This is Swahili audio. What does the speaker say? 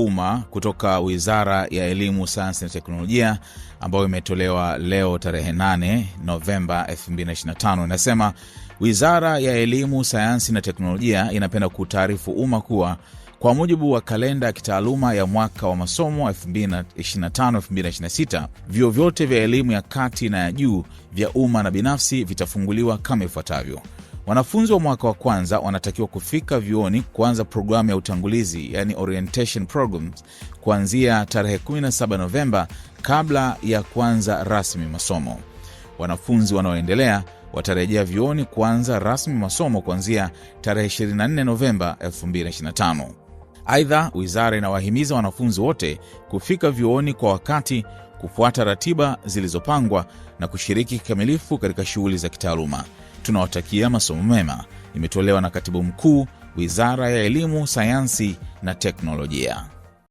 umma kutoka Wizara ya Elimu, Sayansi na Teknolojia ambayo imetolewa leo tarehe 8 Novemba 225 inasema Wizara ya Elimu, Sayansi na Teknolojia inapenda kutaarifu umma kuwa kwa mujibu wa kalenda ya kitaaluma ya mwaka wa masomo 225226 vyuo vyote vya elimu ya kati na ya juu vya umma na binafsi vitafunguliwa kama ifuatavyo: Wanafunzi wa mwaka wa kwanza wanatakiwa kufika vyuoni kuanza programu ya utangulizi, yani orientation programs, kuanzia tarehe 17 Novemba kabla ya kuanza rasmi masomo. Wanafunzi wanaoendelea watarejea vyuoni kuanza rasmi masomo kuanzia tarehe 24 Novemba 2025. Aidha, wizara inawahimiza wanafunzi wote kufika vyuoni kwa wakati, kufuata ratiba zilizopangwa na kushiriki kikamilifu katika shughuli za kitaaluma tunawatakia masomo mema, imetolewa na katibu mkuu, Wizara ya Elimu, Sayansi na Teknolojia.